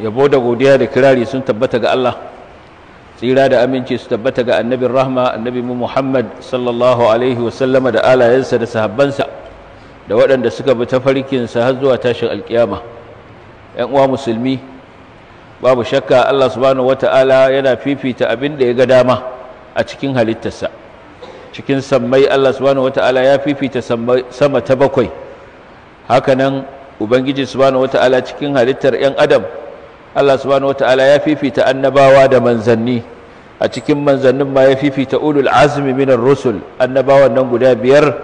yabo da godiya da kirari sun tabbata ga Allah tsira da aminci su tabbata ga annabin rahma annabi Muhammad sallallahu alaihi wasallama da alayensa da sahabbansa da waɗanda suka bi farkinsa har zuwa tashin alkiyama ‘yan uwa musulmi babu shakka Allah subhanahu wata'ala yana fifita abin da ya ga dama a cikin halittarsa cikin sammai Allah subhanahu wata'ala ya fifita sama ta bakwai hakanan ubangiji subhanahu wata'ala cikin halittar ‘yan adam Allah subhanahu wataala ya fifita annabawa da manzanni a cikin manzannin ma ya fifita ulul azmi minar rusul annabawan nan guda biyar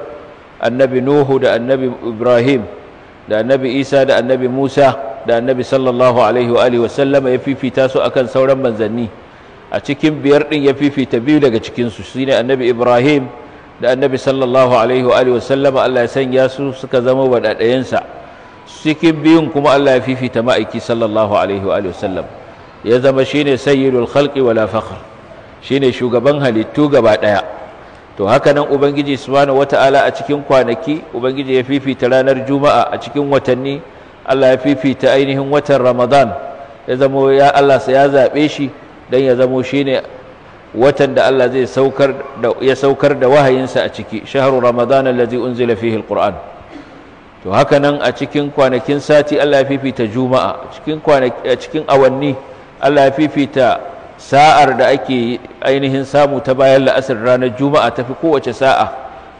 annabi nuhu da annabi ibrahim da annabi isa da annabi musa da annabi sallallahu alaihi wa alihi wasallama ya fifita su akan sauran manzanni a cikin biyar din ya fifita biyu daga cikin su shine annabi ibrahim da annabi sallallahu alaihi wa alihi wasallama Allah ya sanya su suka zama wadadayensa cikin biyun kuma Allah ya fifita ma'aiki sallallahu alaihi wa sallam ya zama shine sayyidul khalqi wala fakhr shine shugaban halittu gaba daya to haka nan ubangiji subhanahu wataala a cikin kwanaki ubangiji ya fifita ranar juma'a a cikin watanni Allah ya fifita ainihin watan ramadan ya zamo ya Allah ya zabe shi dan ya zamo shine watan da Allah zai saukar da ya saukar da wahayinsa a ciki shahru ramadan allazi unzila fihi alquran to haka nan a cikin kwanakin sati Allah ya fifita juma'a a cikin awanni Allah ya fifita sa'ar da ake ainihin samu ta bayan la'asar ranar juma'a tafi kowace sa'a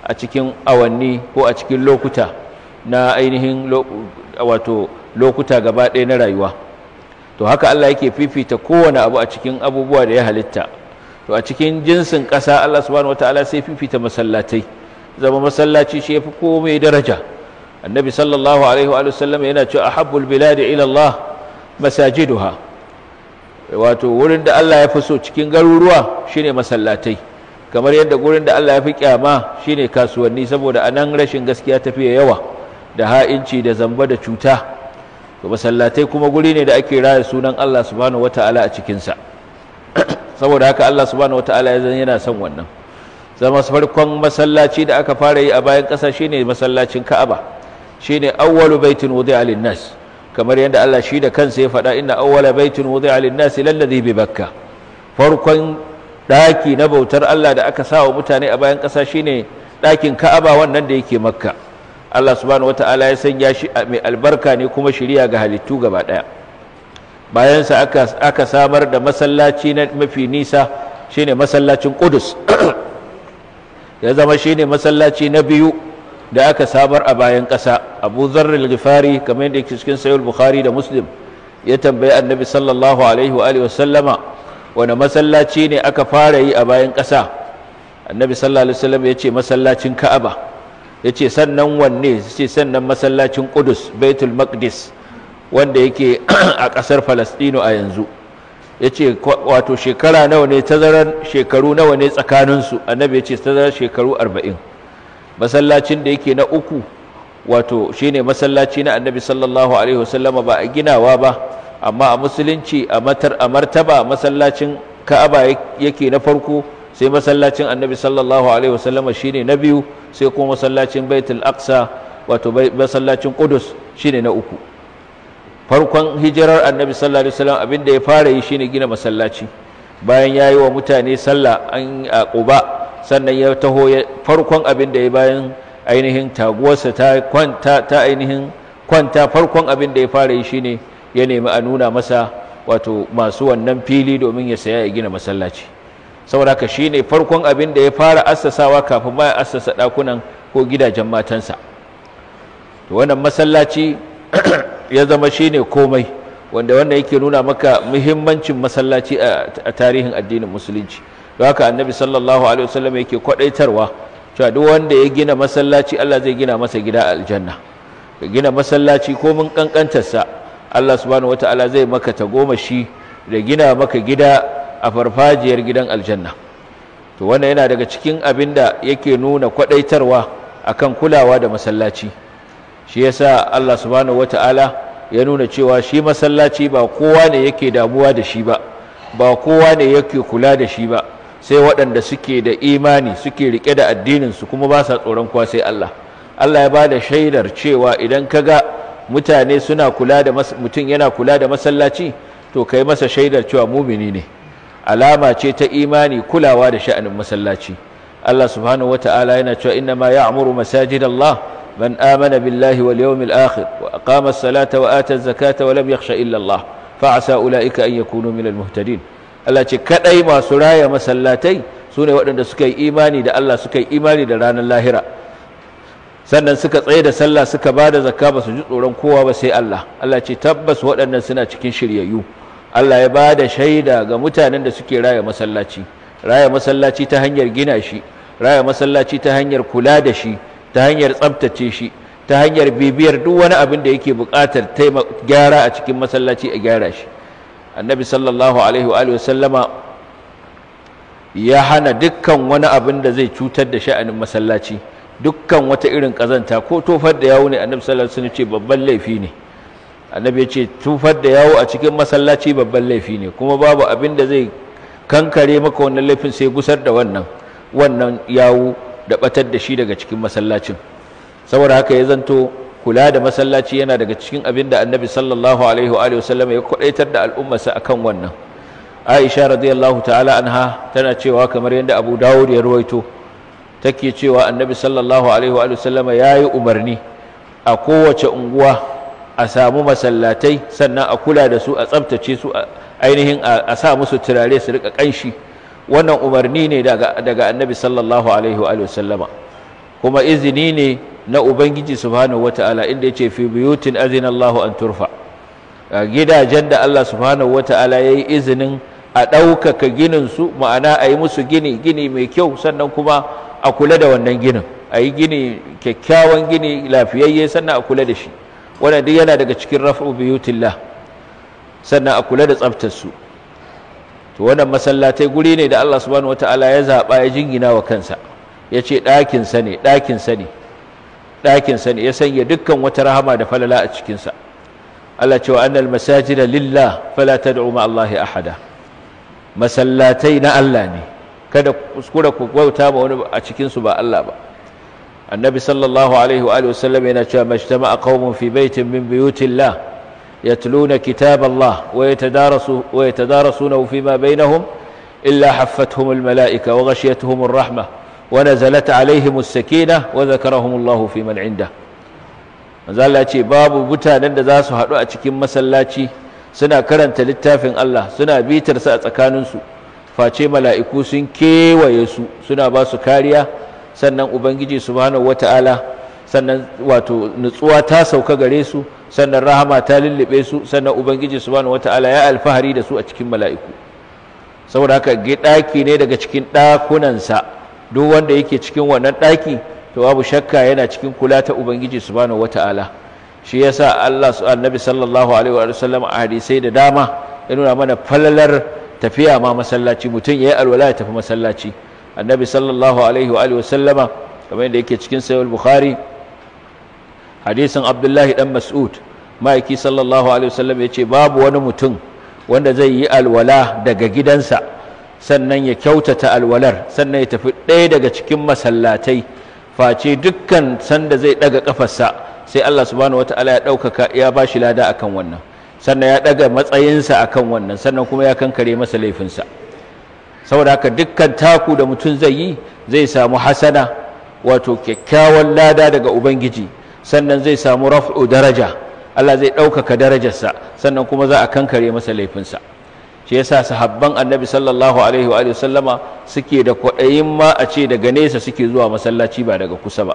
a cikin awanni ko a cikin lokuta na ainihin wato lokuta gaba ɗaya na rayuwa to haka Allah yake fifita kowane abu a cikin abubuwa da ya halitta to a cikin jinsin ƙasa Allah subhanahu wataala sai fifita masallatai zama masallaci shi ya fi komai daraja annabi sallallahu alaihi wa sallam yana cewa ahabbul biladi ila Allah masajiduha wato wurin da Allah ya fi so cikin garuruwa shine masallatai kamar yadda wurin da Allah ya fi kyama shine kasuwanni saboda anan rashin gaskiya tafiya yawa da ha'inci da zamba da cuta to masallatai kuma wuri ne da ake raya sunan Allah subhanahu wataala a cikin saboda haka Allah subhanahu wataala ya zan yana son wannan zama farkon masallaci da aka fara yi a bayan kasa shine masallacin Ka'aba ne awwalu baitin wudi'a lin-nas kamar yadda Allah shi da kansa ya faɗa inna awwala baitin wudi'a lin-nas bi Bakka farkon daki na bautar Allah da aka wa mutane a bayan ƙasa shine ɗakin Ka'aba wannan da yake Makka Allah subhanahu wata'ala ya sanya shi mai albarka ne kuma shiriya ga halittu gaba ɗaya. Bayansa aka aka samar da masallaci na mafi nisa shine masallacin ƙudus, ya zama ne masallaci na biyu da aka samar a bayan ƙasa abu zarril gifari kamar yadda yake cikin sayul bukhari da muslim ya tambayi annabi sallallahu alaihi wa sallama wani masallaci ne aka fara yi a bayan ƙasa annabi sallallahu alaihi wasallam ya ce masallacin ka'aba ya ce sannan wanne ce sannan masallacin kudus baitul maqdis wanda yake a ƙasar falastino a yanzu ya ce wato shekara nawa ne tazarar shekaru nawa ne tsakaninsu annabi ya ce tazarar shekaru arba'in masallacin da yake na uku wato shine masallaci na annabi sallallahu alaihi wasallama ba a ginawa ba amma a musulunci a matar a martaba masallacin ka'aba yake na farko sai masallacin annabi sallallahu alaihi wasallama shine na biyu sai kuma masallacin baitul aqsa wato masallacin qudus shine na uku farkon hijirar annabi sallallahu alaihi wasallam abinda ya fara yi shine gina masallaci bayan yayi wa mutane sallah an a quba sannan ya taho farkon abin da ya bayan ainihin taguwarsa ta kwanta ta ainihin kwanta farkon abin da ya fara yi shine ya nemi a nuna masa wato masu wannan fili domin ya saya ya gina masallaci saboda haka shine farkon abin da ya fara assasawa kafin ma ya assasa dakunan ko gidajen matansa to wannan masallaci ya zama shine komai wanda wannan yake nuna maka muhimmancin masallaci a tarihin addinin musulunci don annabi sallallahu alaihi wasallam yake kwadaitarwa cewa duk wanda ya gina masallaci Allah zai gina masa gida a aljanna ka gina masallaci ko mun kankantarsa Allah subhanahu wataala zai maka shi da gina maka gida a farfajiyar gidan aljanna to wannan yana daga cikin abin da yake nuna kwadaitarwa akan kulawa da masallaci shi yasa Allah subhanahu wataala ya nuna cewa shi masallaci ba kowa ne yake damuwa da shi ba ba kowa ne yake kula da shi ba sai waɗanda suke da imani suke rike da addininsu kuma ba sa tsoron kuwa sai Allah Allah ya ba da shaidar cewa idan ka ga mutane suna kula da mutum yana kula da masallaci to kai masa shaidar cewa mumini ne alama ce ta imani kulawa da sha'anin masallaci Allah subhanahu wata'ala yana cewa inna ma ya'muru masajid Allah man amana billahi wal yawmil akhir wa aqama as-salata wa ata az-zakata wa lam yakhsha illa Allah fa asa ulaika an yakunu minal muhtadin Allah ce kadai masu raya masallatai su ne waɗanda suka yi imani da Allah suka yi imani da ranar lahira sannan suka tsaye da sallah suka ba da zakka ba su ji tsoron kowa ba sai Allah Allah ce tabbas waɗannan suna cikin shiryayyu Allah ya ba da shaida ga mutanen da suke raya masallaci raya masallaci ta hanyar gina shi raya masallaci ta hanyar kula da shi ta hanyar tsabtace shi ta hanyar bibiyar duk wani abin da yake buƙatar gyara a cikin masallaci a gyara shi annabi sallallahu alaihi wa sallama ya hana dukkan wani abin da zai cutar da sha'anin masallaci dukkan wata irin kazanta ko tofar da yawo ne annabi sallallahu alaihi wasallam ce babban laifi ne annabi ya ce tofar da yawo a cikin masallaci babban laifi ne kuma babu abin da zai kankare maka wannan laifin sai gusar da wannan wannan yawo da batar da shi daga cikin masallacin saboda haka ya zanto kula da masallaci yana daga cikin abin da annabi sallallahu alaihi wa ya kwadaitar da al'ummarsa akan wannan aisha radiyallahu ta'ala anha tana cewa kamar yadda abu dawud ya ruwaito take cewa annabi sallallahu alaihi wa ya yi umarni a kowace unguwa a samu masallatai sannan a kula da su a tsabtace su ainihin a sa musu turare su rika kanshi wannan umarni ne daga annabi sallallahu alaihi wa sallama kuma izini ne na ubangiji subhanahu ta'ala inda ce fi buyutin azina Allahu an turfa gidajen da Allah subhanahu ya yayi izinin a ɗaukaka ginin su ma'ana a yi musu gini gini mai kyau sannan kuma a kula da wannan ginin a yi gini kyakkyawan gini lafiyayye sannan a kula da shi wannan duk yana daga cikin raf'u buyutillah sannan a kula da tsaftar su to wannan masallatai guri ne da Allah subhanahu ta'ala ya zaba ya jingina wa kansa Ya ce ɗakinsa ne ɗakin ne ɗakinsa ne ya sanya dukkan wata rahama da falala a cikinsa Allah cewa annal masajida lillah fala tad'u ma Allah ahada masallatai na Allah ne kada kuskura ku gwauta ma wani a cikin su ba Allah ba annabi sallallahu alaihi wa alihi wasallam yana cewa majtama'a qaumun fi baitin min buyutillah yatluna kitaballah wa yatadarasu wa yatadarasunahu fima bainahum illa haffathum almala'ika wa ghashiyatuhum arrahmah ونزلت Zalata. السكينة وذكرهم الله في من عنده manzala ce babu mutanen da za su haɗu a cikin masallaci suna karanta littafin Allah suna bitarsa a tsakaninsu face mala'iku sun kewaye su suna ba su kariya sannan ubangiji subhanahu wata'ala sannan wato nutsuwa ta sauka gare su sannan rahama ta lullube su sannan ubangiji subhanahu wata'ala ya alfahari da su a cikin mala'iku saboda haka ɗaki ne daga cikin ɗakunansa duk wanda yake cikin wannan ɗaki to babu shakka yana cikin kula ta ubangiji subhanahu wata'ala shi yasa Allah su annabi sallallahu alaihi wa sallam a hadisai da dama ya nuna mana falalar tafiya ma masallaci mutum yayi alwala ya tafi masallaci annabi sallallahu alaihi wa sallama kamar yadda yake cikin sahih bukhari hadisin abdullahi dan mas'ud ma'aiki sallallahu alaihi wa sallam yace babu wani mutum wanda zai yi alwala daga gidansa sannan ya kyautata alwalar sannan ya tafi ɗaya daga cikin masallatai face dukkan sanda zai ɗaga ƙafarsa sai Allah subhanahu wataala ya ɗaukaka ya ba shi lada akan wannan sannan ya ɗaga matsayinsa akan wannan sannan kuma ya kankare masa laifinsa saboda haka dukkan taku da mutum zai yi zai samu hasana wato kyakkyawan lada daga ubangiji sannan zai samu raf'u daraja Allah zai ɗaukaka darajarsa sannan kuma za a kankare masa laifinsa shi yasa sahabban annabi sallallahu alaihi wa sallama suke da kwaɗayin ma a ce daga nesa suke zuwa masallaci ba daga kusa ba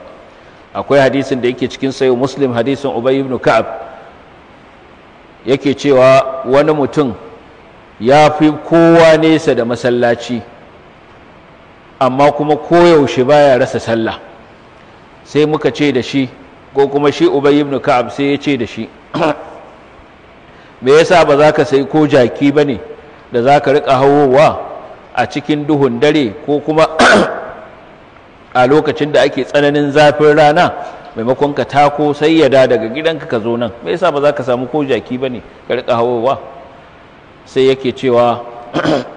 akwai hadisin da yake cikin sayo muslim hadisin ubay ibn ka'ab yake cewa wani mutum ya fi kowa nesa da masallaci amma kuma koyaushe baya rasa sallah sai muka ce da shi ko kuma shi ubay ibn ka'ab sai ya ce da shi me yasa ba za ka sai ko jaki ba ne da za ka riƙa hawowa a cikin duhun dare ko kuma a lokacin da ake tsananin zafin rana maimakon ka tako sai yada daga gidanka ka zo nan me yasa ba za ka samu ko jaki ba ne ka riƙa hawowa sai yake cewa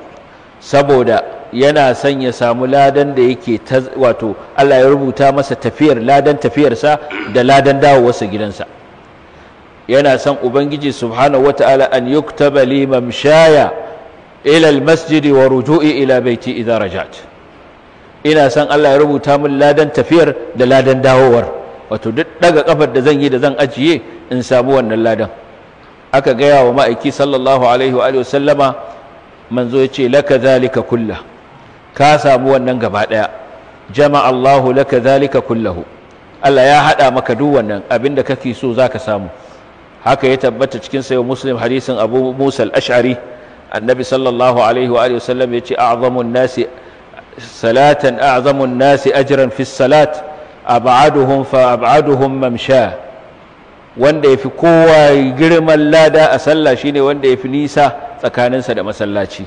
saboda yana son ya samu ladan da yake wato Allah ya rubuta masa tafiyar ladan tafiyarsa da ladan dawowarsa gidansa yana son ubangiji subhanahu wataala an yuktaba li shaya. ila almasjidi wa ruju'i ila baiti idza rajat ina san Allah ya rubuta min ladan tafiyar da ladan dawowar wato duk daga kafar da zan yi da zan ajiye in samu wannan ladan aka gaya wa ma'aiki sallallahu alaihi wa sallama manzo ya ce laka zalika kullah ka samu wannan gaba daya jama'a Allahu laka zalika kullahu Allah ya hada maka duk wannan abinda kake so zaka samu haka ya tabbata cikin sayo muslim hadisin abu musa al-ash'ari annabi sallallahu alaihi wa sallam ya ce a'zamun nasi salatan a'zamun nasi ajran fi salat ab'aduhum fa ab'aduhum mamsha wanda yafi kowa girman lada a sallah shine wanda yafi nisa tsakaninsa da masallaci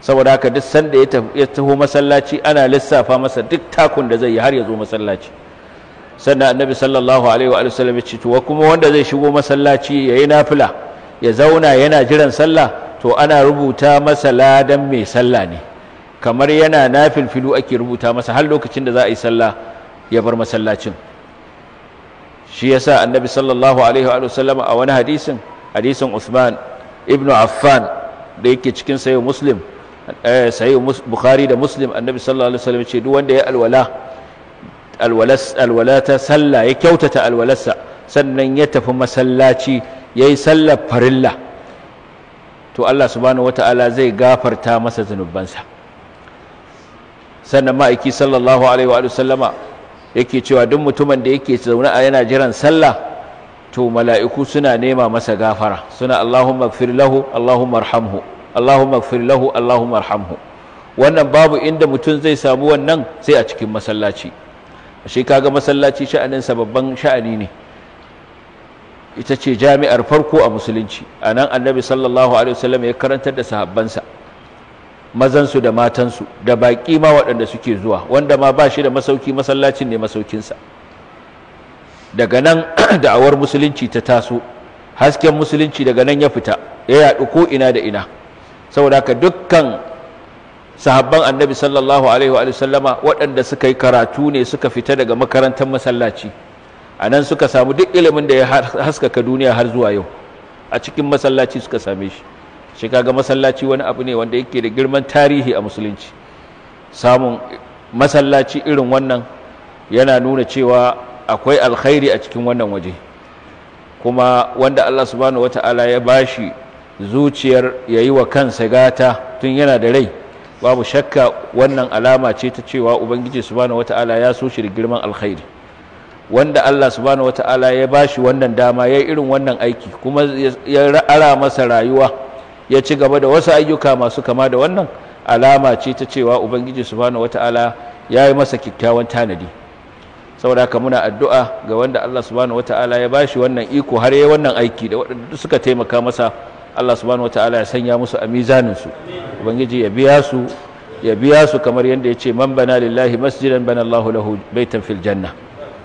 saboda haka duk sanda ya taho masallaci ana lissafa masa duk takun da zai yi har ya zo masallaci sannan annabi sallallahu alaihi wa sallam ya ce to kuma wanda zai shigo masallaci yayi nafila ya zauna yana jiran sallah to ana rubuta masa ladan mai sallah ne kamar yana nafilfilu ake rubuta masa har lokacin da za a yi sallah ya bar masallacin shi yasa annabi sallallahu alaihi wa sallama a wani hadisin hadisin Usman ibn Affan da yake cikin sayo Muslim eh, sayo Bukhari da Muslim annabi sallallahu alaihi wa sallam ce duk wanda ya alwala alwalas alwalata sallah ya kyautata alwalarsa sannan ya tafi masallaci yayi sallar farilla to Allah subhanahu wata'ala zai gafarta masa zunubansa sannan ma'aiki sallallahu alaihi wa sallama yake cewa duk mutumin da yake zaune a yana jiran sallah to mala'iku suna nema masa gafara suna Allahumma gfir lahu Allahumma arhamhu Allahumma gfir lahu Allahumma arhamhu wannan babu inda mutum zai samu wannan sai a cikin masallaci shi kaga masallaci sha'aninsa babban sha'ani ne ita ce jami'ar farko a musulunci a nan annabi sallallahu alaihi wasallam ya karantar da sahabbansa mazansu da matansu da baƙi ma waɗanda suke zuwa wanda ma ba shi da masauki masallacin ne masaukinsa daga nan da'awar musulunci ta taso hasken musulunci daga nan ya fita ya yaɗu ko ina da ina saboda haka dukkan sahabban annabi sallallahu alaihi wa sallama waɗanda suka yi karatu ne suka fita daga makarantar masallaci a nan suka samu duk ilimin da ya haskaka duniya har zuwa yau a cikin masallaci suka same shi shi kaga masallaci wani abu ne wanda yake da girman tarihi a musulunci samun masallaci irin wannan yana nuna cewa akwai alkhairi a cikin wannan waje kuma wanda Allah subhanahu wata'ala ya bashi zuciyar yayi wa kansa gata tun yana da rai babu shakka wannan alama ce ta cewa ubangiji subhanahu wata'ala ya so shi da girman alkhairi wanda Allah subhanahu wataala ya bashi wannan dama ya yi irin wannan aiki kuma ya ara masa rayuwa ya ci gaba da wasu ayyuka masu kama da wannan alama ce ta cewa ubangiji subhanahu wataala ya yi masa kyakkyawan tanadi saboda haka muna addu'a ga wanda Allah subhanahu wataala ya bashi wannan iko har yayi wannan aiki da waɗanda suka taimaka masa Allah subhanahu wataala ya sanya musu a mizanin su ubangiji ya biya su ya biya su kamar yadda ya ce man bana lillahi masjidan bana Allahu lahu baitan fil janna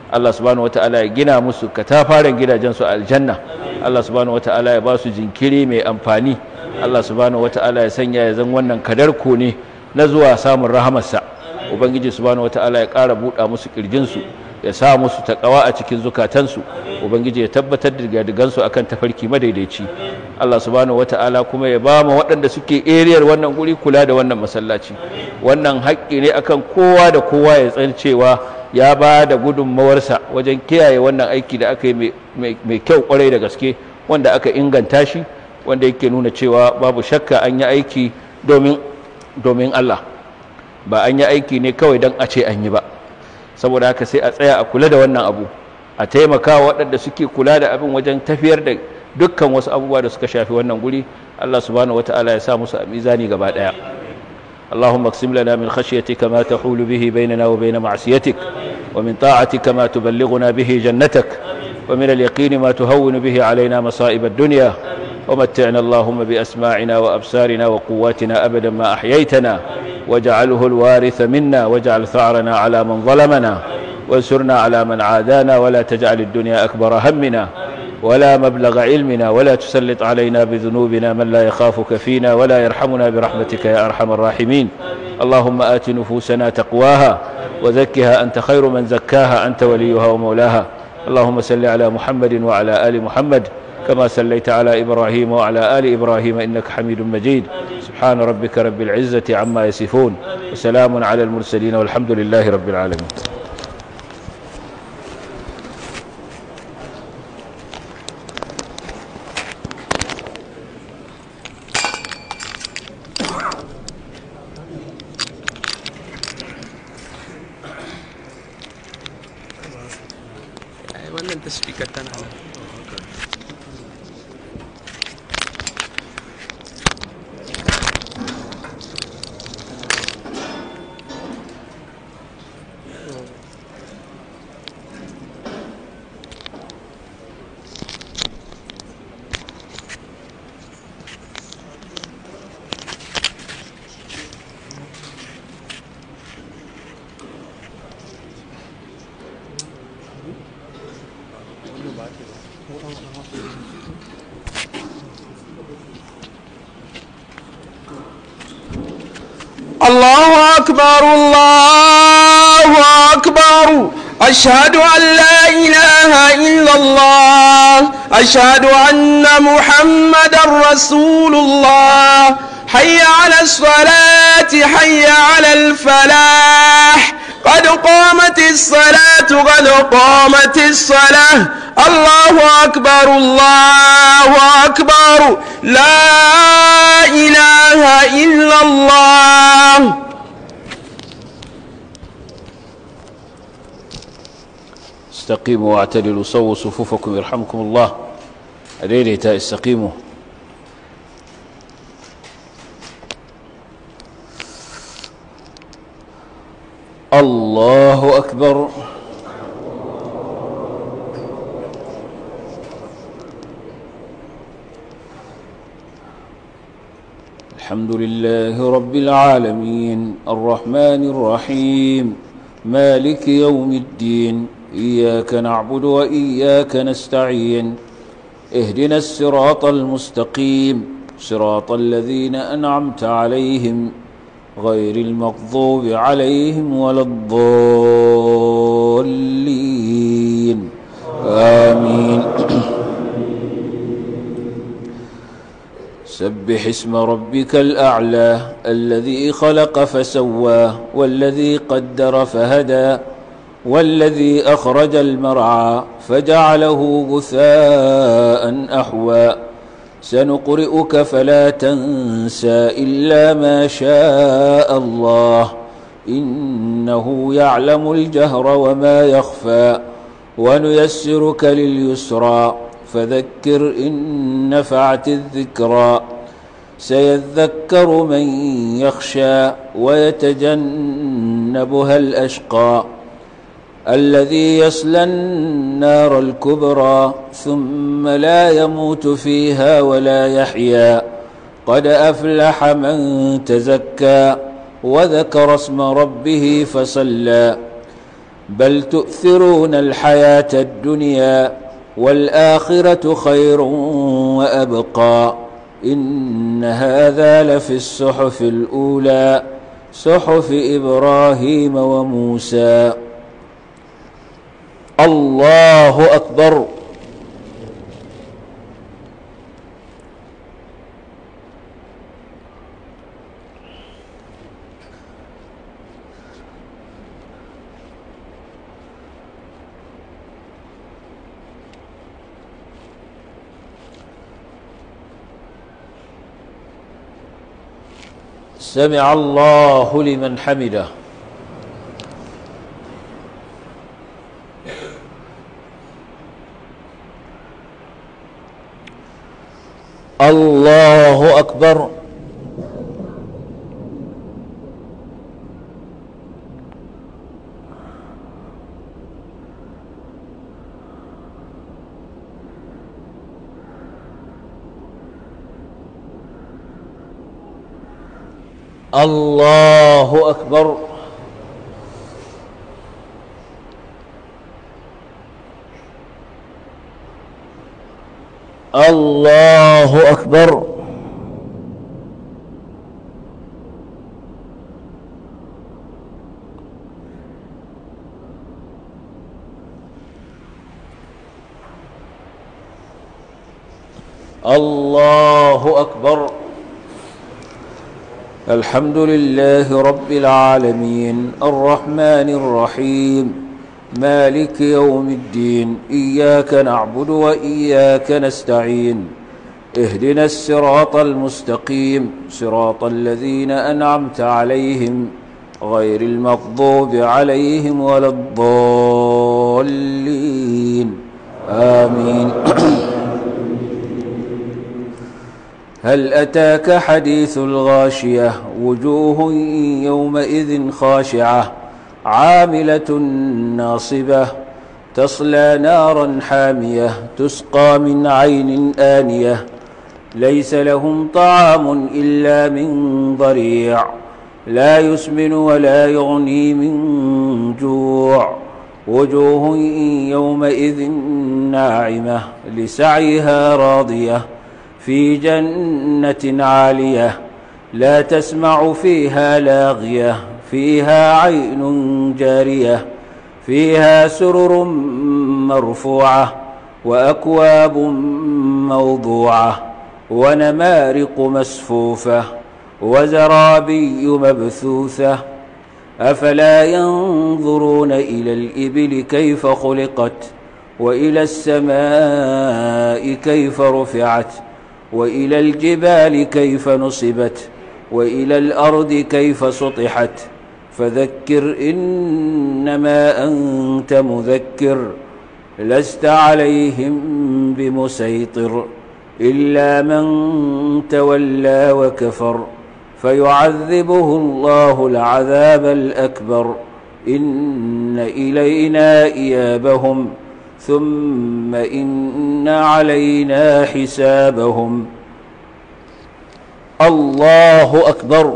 Allah subhanahu wata'ala ya gina musu katafaren gidajen su aljanna Allah subhanahu wata'ala ya ba su jinkiri mai amfani Allah subhanahu wata'ala ya sanya ya zan wannan ku ne na zuwa samun rahamarsa ubangiji subhanahu wata'ala ya ƙara buɗa musu ƙirjinsu ya sa musu taƙawa a cikin zukatansu ubangiji ya tabbatar da diga-digansu akan tafarki madaidaici Allah subhanahu wata'ala kuma ya ba mu waɗanda suke eriyar wannan guri kula da wannan masallaci wannan haƙƙi ne akan kowa da kowa ya tsancewa ya ba da gudunmawarsa wajen kiyaye wannan aiki da aka yi mai kyau kwarai da gaske wanda aka inganta shi wanda yake nuna cewa babu shakka an yi aiki domin Allah ba an yi aiki ne kawai don a ce an yi ba saboda haka sai a tsaya a kula da wannan abu a taimaka waɗanda suke kula da abin wajen tafiyar da dukkan wasu abubuwa da suka shafi wannan guri Allah subhanahu wata'ala ya sa musu a mizani gaba ɗaya اللهم اقسم لنا من خشيتك ما تحول به بيننا وبين معصيتك ومن طاعتك ما تبلغنا به جنتك ومن اليقين ما تهون به علينا مصائب الدنيا ومتعنا اللهم بأسماعنا وأبصارنا وقواتنا أبدا ما أحييتنا واجعله الوارث منا واجعل ثأرنا على من ظلمنا وانصرنا على من عادانا ولا تجعل الدنيا أكبر همنا ولا مبلغ علمنا ولا تسلط علينا بذنوبنا من لا يخافك فينا ولا يرحمنا برحمتك يا أرحم الراحمين اللهم آت نفوسنا تقواها وزكها أنت خير من زكاها أنت وليها ومولاها اللهم صل على محمد وعلى آل محمد كما صليت على إبراهيم وعلى آل إبراهيم إنك حميد مجيد سبحان ربك رب العزة عما يصفون وسلام على المرسلين والحمد لله رب العالمين أكبر الله أكبر أشهد أن لا إله إلا الله أشهد أن محمدا رسول الله حي على الصلاة حي على الفلاح قد قامت الصلاة قد قامت الصلاة الله أكبر الله أكبر لا استقيموا واعتدلوا صووا صفوفكم يرحمكم الله أديديتا استقيموا الله أكبر الحمد لله رب العالمين الرحمن الرحيم مالك يوم الدين إياك نعبد وإياك نستعين اهدنا الصراط المستقيم صراط الذين أنعمت عليهم غير المغضوب عليهم ولا الضالين آمين سبح اسم ربك الأعلى الذي خلق فسواه والذي قدر فهدى والذي أخرج المرعى فجعله غثاء أحوى سنقرئك فلا تنسى إلا ما شاء الله إنه يعلم الجهر وما يخفى ونيسرك لليسرى فذكر إن نفعت الذكرى سيذكر من يخشى ويتجنبها الأشقى الذي يصلى النار الكبرى ثم لا يموت فيها ولا يحيا قد أفلح من تزكى وذكر اسم ربه فصلى بل تؤثرون الحياة الدنيا والآخرة خير وأبقى إن هذا لفي الصحف الأولى صحف إبراهيم وموسى الله أكبر سمع الله لمن حمده الله أكبر الله أكبر الله أكبر الله أكبر الحمد لله رب العالمين الرحمن الرحيم مالك يوم الدين إياك نعبد وإياك نستعين اهدنا الصراط المستقيم صراط الذين أنعمت عليهم غير المغضوب عليهم ولا الضالين آمين هل أتاك حديث الغاشية وجوه يومئذ خاشعة عاملة ناصبة تصلى نارا حامية تسقى من عين آنية ليس لهم طعام إلا من ضريع لا يسمن ولا يغني من جوع وجوه يومئذ ناعمة لسعيها راضية في جنة عالية لا تسمع فيها لاغية فيها عين جارية فيها سرر مرفوعة وأكواب موضوعة ونمارق مسفوفة وزرابي مبثوثة أفلا ينظرون إلى الإبل كيف خلقت وإلى السماء كيف رفعت وإلى الجبال كيف نصبت وإلى الأرض كيف سطحت فذكر إنما أنت مذكر لست عليهم بمسيطر إلا من تولى وكفر فيعذبه الله العذاب الأكبر إن إلينا إيابهم ثم إن علينا حسابهم الله أكبر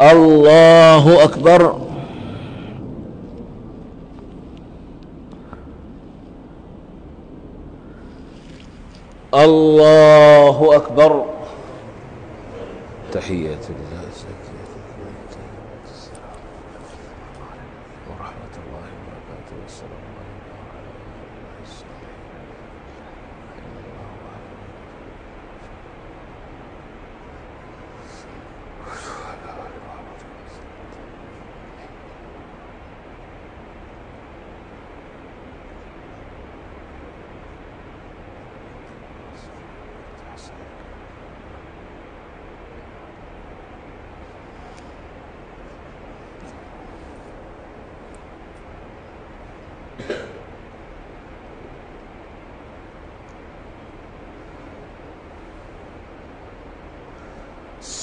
الله أكبر الله أكبر تحية